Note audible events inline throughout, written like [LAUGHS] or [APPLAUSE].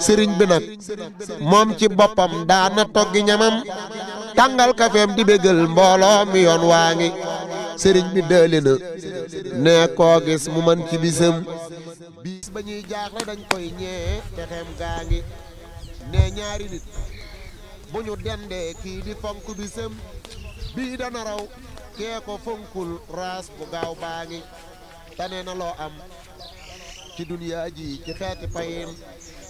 Sering bi nak mom ci da na togi ñamam ka fem di bégal mbolo mi yon waangi serigne bi dëli ne ko gis mu man ci bisam bis bañuy jaax la dañ koy ñe te xem gaangi ne ñaari nit buñu dende ki di fonk bisam da na raw ke ko fonkul ras bu gaaw baangi tane na am ci dunya ji ci xeeti payen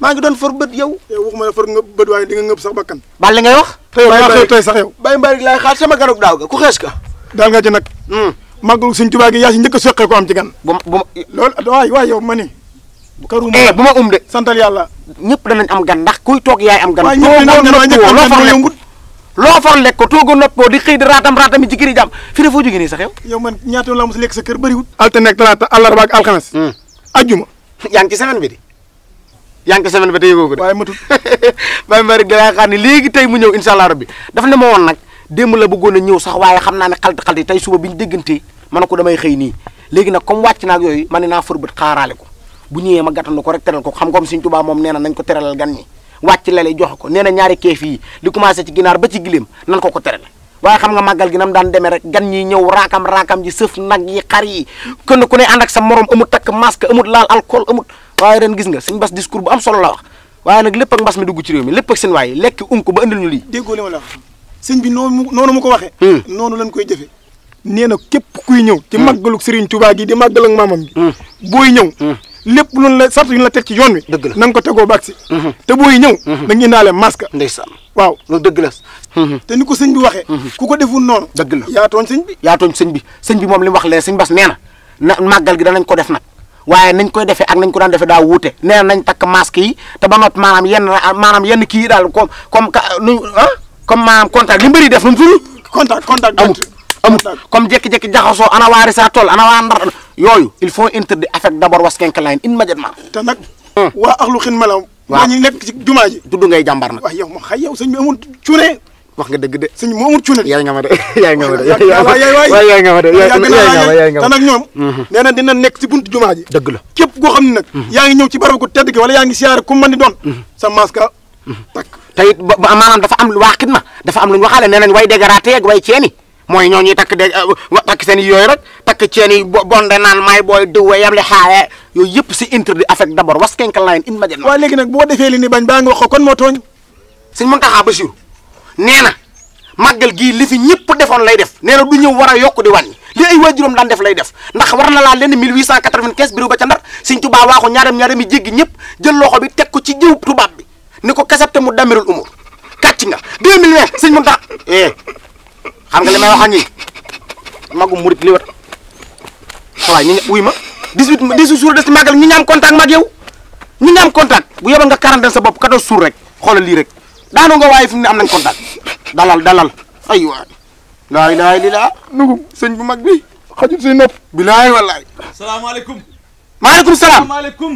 ma ngi don for beut yow. yow waxuma la for nga beut way di nga ngeup sax bakkan. bal li ngay wax. tey yow tay sax yow. bay Mbarick lay xaar sama ganug daw ga ku xess ka. dal nga ci nak hmm màggalu seigne touba gi yaa si njëkk a ko am ci gan. bu lol way way yow ma ni. karuma eh, bu ma um de. santal yalla ñepp da nañ am gan ndax kuy tok yaay am gan. lo ñëpp dinañ am gan waaye ñëpp dinañ loo for ko toogu noppoo di xey di ratam ratam ci kër jam fi ne foo ni sax yow. yow man ñaatu laa mos lekk sa kër bari wut hmm. altine nek talaata àllarba ak alkhamis hmm aljuma [LAUGHS] ngi ci semaine bi di. yaa ngi ko semaine ba te yëgoo ko de. waaye matul [LAUGHS] ma Mbaye da xaar ni léegi tey mu ñëw incha la bëggoon a ñëw sax xam naa ne xalt xalt yi tey suba bi ñu ma ne ko damay xëy nii léegi nag comme wàcc naag yooyu ma ne naa fërbët ko bu ñëwee ma ko rek teral ko xam comme Sëñ Tuubaa na ko teralal gan ñi wàcc lale ko nee na ñaari keef yi ginaar ba ci giléem nan ko ko terale waaye xam nga gi nam daan demee rek gan ñi ñëw raakam raakam ji sëf nag yi xar yi kenn ku ne ànd ak sa morom amut takk masque amut laal alcool amut waaye ren gis nga suñ bas discours bu am solo la wax waaye nag lépp ak mbas mi dugg ci réew mi lépp ak seen waay lekk unk ba andil ñu lii. déggoo li ma la wax sëñ bi noonu mu ko waxee. Hmm. noonu lañ koy jëfe nee na képp kuy ñëw. ci hmm. màggalug Serigne Touba gi di màggal ak maamam bi. Hmm. booy ñëw. lépp luñ la sart la teg ci yoon wi. dëgg la na nga ko tegoo baag si. te booy ñëw. da nga indaale masque. ndeysaan waaw loolu dëgg la. te ni ko sëñ waxee. ku ko deful noonu. dëgg la yaa sëñ bi. sëñ bi sëñ bi moom li wax lee sëñ Bass nee na na màggal gi danañ ko def nag waaye nañ koy defee ak nañ ko daan defee daa wute nee nañ takk masque yi te ba noppi maanaam yenn yenn kii daal comme comme nu ah comme maanaam contact li mbëri def nu mu tudd. contact contact amul amul comme jékki-jékki jaxasoo ana waa Rissa Toll ana waa Ndar yooyu il faut interdire affect d'abord waskenk line immédiatement. te nag. Hmm. waa ak lu xin melaw. waaw ñi nekk ci jumaa ji. dudd ngay jàmbar nag. waaw yow ma xay yow sëñ bi amul cuune. wax nga deug de sëñ Ya cuune yaay nga ma de yaay nga ma de waay yaay nga ma de yaay nga ma yaay nga ma te nag ñoom nee na dina nekk ci buntu jumaa ji la képp koo xam ne nag mhm. yaa ci barabu ko tedd gi wala yaa ngi siyaare ku mën di mhm. sa masque mhm. takk tayit maanaam dafa am waa xidma dafa am lu ak way de eh, seen rek bonde may interdit affect d'abord in ma waaw léegi nag boo defee li ni bañ nga wax kon nee magal gi li fi ñepp defon lay def nee du ñëw wara yok di wañ li ay wajurum daan def lay def ndax war na laa lenn 1895 biru ba ca ndar seigne touba waxu ñaaram ñaaram mi jéggi ñepp jël loxo bi teg ko ci jiw tubaab bi niko ko mu damirul umur kàcc nga 2000 seigne mounta eh xam nga limay may wax ak ñi magum murit li wat waaye ñi wuy ma 18 18 jours des magal ñi ñam contact mag yow ñi ñam contact bu yebal nga quarantaine sa bopp 14 sur rek xolal li rek daanu nga waaye fi mu am nañ contact dalal dalal ay wa laa ilaha illallah nugum señ bu mag bi xajul si nopp alaykum wallaay alaykum maaleykum assalamu alaykum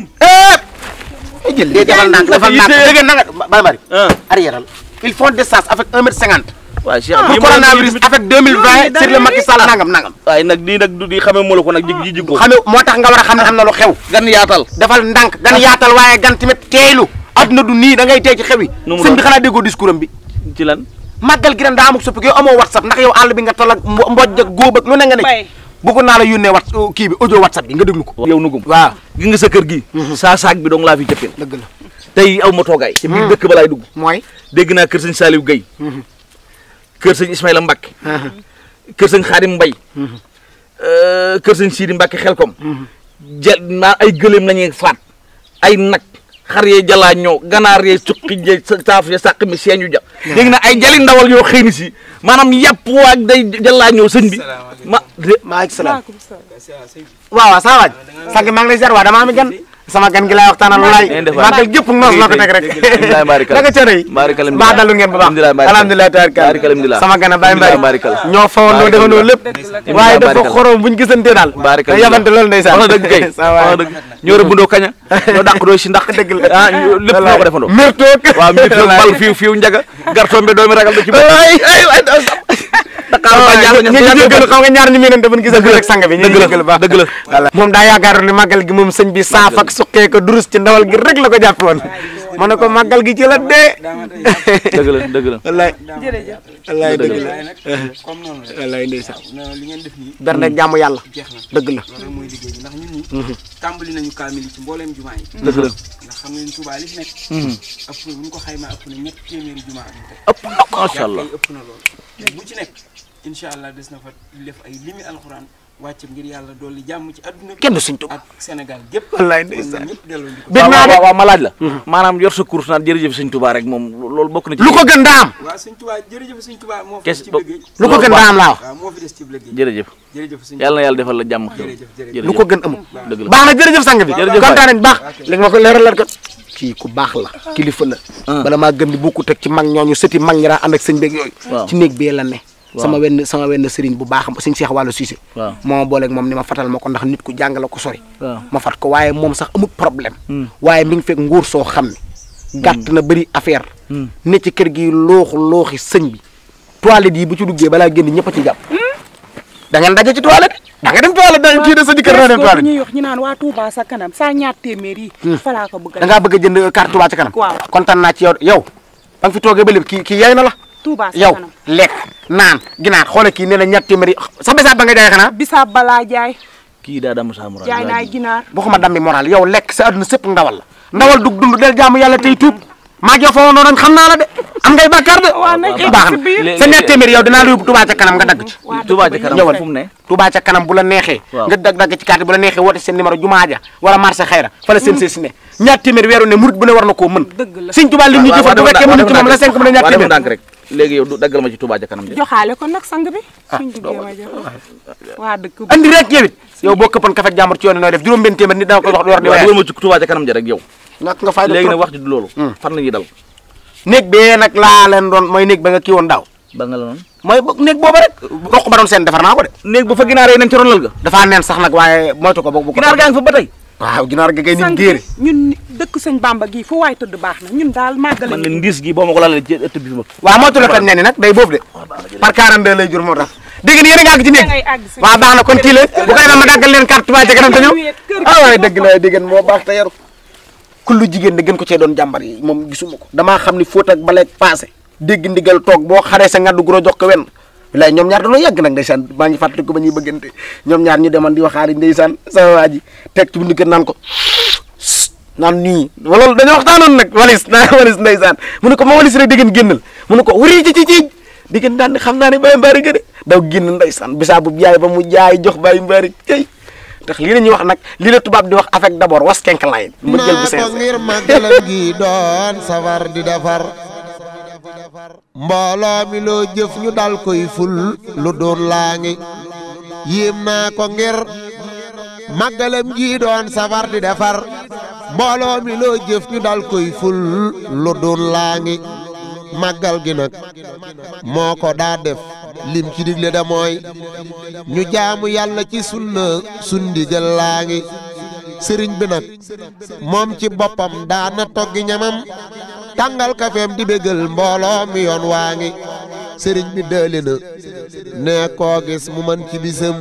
eh jël lii defal nak defal nak dégg bari bay mari ah. arrière il faut distance avec 1 m 50 wa Cheikh bi ah, pour virus avec 2020 sur le Macky Sall nangam nangam way nak di nak du di xamé mo la ko nag jig ji jikko xamee moo nga wara a amna lu xew gan yaatal defal ndank gan ah. yaatal waye gan timit teelu aduna du ni da ngay tey ci xewi yi bi xana déggoo discoursam bi ci lan magal gi na da amuk soppi yow whatsapp nak yow all bi nga tolak ak mboj ak góob ak lu ne nga ne bu ko nala yónnee wat ki bi audio whatsapp bi nga deglu ko yow nugum wa gi nga sa keur gi mhm. sa sak bi dong la fi jeppel deug la tey aw ma toogaay mhm. ci bi dekk balay dug moy mooy na keur kër salif gay keur kër ismaila mbak keur mhm. kër Khadim mbay euh, keur sëñ Sidi mbak xelkom ay gëléem lañuy fat ay nak xar yee jalaa ñoo ganaar yee suqi jee saaf yee sàq mi seeñu ja léegi na ay jali ndawal yoo xëy na si maanaam yàpp waa day jalaa ñoo sëñ bi ma maaleykum salaam waaw waaw saa waaj sànq maa ngi lay ziar waa dama sama gan gi laay waxtaanal lu laay màggal gépp noos la ko teg rek da nga cere yi mbaa dalu ngeen bu baax alhamdulilah tabarikal sama gan a Baye Mbaye ñoo fawandoo defandoo lépp waaye dafa xorom buñ gisantee daal te yabante loolu ndeysaan wax dëgg [LAUGHS] kaña ñoo dàq doo si ndax dëgg la ah lépp ñoo ko defandoo mértoog waaw [LAUGHS] te kaw ba jàll ñu ñu dëggal xam nga ñaar ñu mënon dafa gis ak rek sang bi ñu dëggal baax dëgg la moom daa yaakaaru ne màggal gi moom sëñ bi saaf ak suqee ko durus ci ndawal gi rek la ko jàpp woon ma ne ko màggal gi ci la dee dëgg la dëgg la wallaay wallaay dëgg la comme noonu wallaay ndeysa li ngeen def nii ber rek jaamu yàlla dëgg la loolu mooy liggéey bi ndax ñun ñi tàmbali nañu kaamil ci mbooleem jumaa yi dëgg la ndax xam ngeen Tuubaa li fi nekk mhm. ëpp bu ñu ko xaymaa ëpp na ñett téeméeri jumaa ëpp na ko masha Allah ëpp na loolu bis bu ci nekk incha allah des na fa def ay limi alxuraan wàcc ngir yàlla dolli jàmm kenn du suñ tug ak naa de waaw ma la mhm. maanaam yor sa course naan jërëjëf suñ tubaa rek moom loolu bokk na ci lu ko gën daam waaw suñ tubaa jërëjëf suñ tubaa moo fi des ci liggéey lu ko gën daam laa wax waaw moo fi des ci liggéey jërëjëf jërëjëf suñ yàlla na yàlla defal la jàmm xew lu ko gën amul baax na jërëjëf sang bi kontaan nañ baax léegi ma ko leeral leen ko kii ku bax la ah. kilifa la ah. bala ma gëm di bokku tek ci mag ñoñu seuti mag ñi and ak señ beeg yoy ci neeg bee la ne sama wenn sama wenn señ bu bax señ Cheikh walu Cissé mo ma ak mom nima fatal mako ndax nit ku jàng la ko sori ma fat ko waye mom sax amu problème hmm. waye mi ngi fek nguur so xamni hmm. gatt na bari affaire hmm. ne ci kër gi loox looxi señ bi toilette yi bu ci duggé bala gënd ñepp ci japp da ngeen daje ci toilette da nga dem toilet da kii de sa jëkkër na dem toilet ñuy wax ñu naan waa Touba sa kanam sa ñaar téeméer hmm. fa laa ko bëgg da ngaa bëgg jënd carte Touba sa kanam kontaan naa ci yow yow ba fi toogee ba lépp kii kii yay na la Touba sa kanam yow naan ginaar xoole kii nee ñaar téeméer sa bisaab ba nga jaay xanaa bisaab balaa jaay moral jaay ginaar moral yow sa ndawal ndawal dund del jaamu tey maa jox fa woon noonu xam naa la am ngay bàkkaar de. waaw baax na sa ñaar téeméer yow dinaa la yóbbu Touba kanam nga dagg ci. Touba kanam fu mu bu la neexee. nga dag dagg ci carte bu la neexee woote seen numéro jumaa ja wala marché xayra fa la seen si ne ñaar téeméer weeru ne murit bu ne war na koo mën. dëgg la sëñ Touba li ko nag sang bi. andi rek yow it boo këppoon kafe jàmbur ci yoon nooy def juróom benn téeméer nit dana ko wax door di waaye ma ci Touba nak nga fay legui nag wax ji du loolu hmm. fan lañuy dal nek be nak la len don moy nek ba nga ki won daw ba nga la noonu mooy néeg booba rek roq ba don sen defar nako de nek bu fa ginaar yi nañ ci ron lal ga dafa nen sax nak waye moy to ko boobu ginaar gaang fa batay waaw ginaar ga gay nit géere ñun dekk señ bamba gi fu way tudd bax na ñun dal magal man leen gi bo mako ko laalee ci ëtt bi ma wa mo la tam nee nak day boobu de par 42 lay jur mo tax dégg ni yéen nga ngi ci nek wa baax na kon kii le bu kay na ma dagal len carte ba ci kanam te ñëw ah waaye dëgg la dégg mo bax ta yaru kullu jigen da gën ko cee doon jambar yi mom gisumako ko xamni foot ak balek passé deg ndigal tok bo xaree sa ngaddu guro jox ko wenn bilaay ñom ñaar dañu yàgg nak ndaysan ba ngi fatte ko ba bëggante ñom ñaar ñu deman di waxari ndaysan sa waa tek ci bu ndigal nan ko nan ni wala dañoo tanon nak walis [LAUGHS] na walis ndaysan mu ne ko mo walis rek degen génnal mu ne ko wuri ci ci ci degen daan xamna ni bay mbari gëde daw génn ndaysan bisabu yaay ba mu jaay jox bay mbari tey tax lii la ñuy wax nag lii la tubaab di wax avec d'abord was kenkalaan mbëggeel bu seen ngir màggalam gi doon safar di defar mbooloo mi loo jëf ñu dal koy ful lu doon laa ngi yéem naa ko ngir màggalam gi doon safar di defar mbooloo mi loo jëf ñu dal koy ful lu doon laa ngi màggal gi nag moo ko daa def lim ci digle da mooy ñu jaamu yàlla ci sunna sundigal laa ngi sëriñ bi nag moom ci boppam daana toggi ñamam tàngal kafeem di bégal mbooloo mi waa ngi sëriñ bi dëli na ne koo gis mu man ci bisam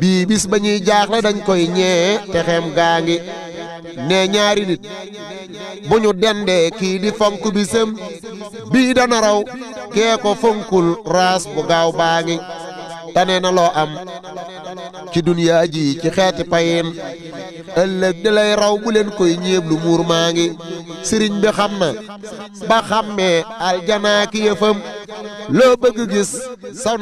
bii bis ba ñuy jaaxle dañ koy ñee te gaa ngi ne ñaari nit bu ñu dendee kii di fonk bisam bii dana raw kee ko fonkul raas bu gaaw baa ngi tane na loo am ci duniyaa ji ci xeeti payin ëllëg di lay raw bu leen koy ñeeblu muur maa ngi sëriñ bi xam na ba xàmmee aljanaa ki yëfam loo bëgg gis saw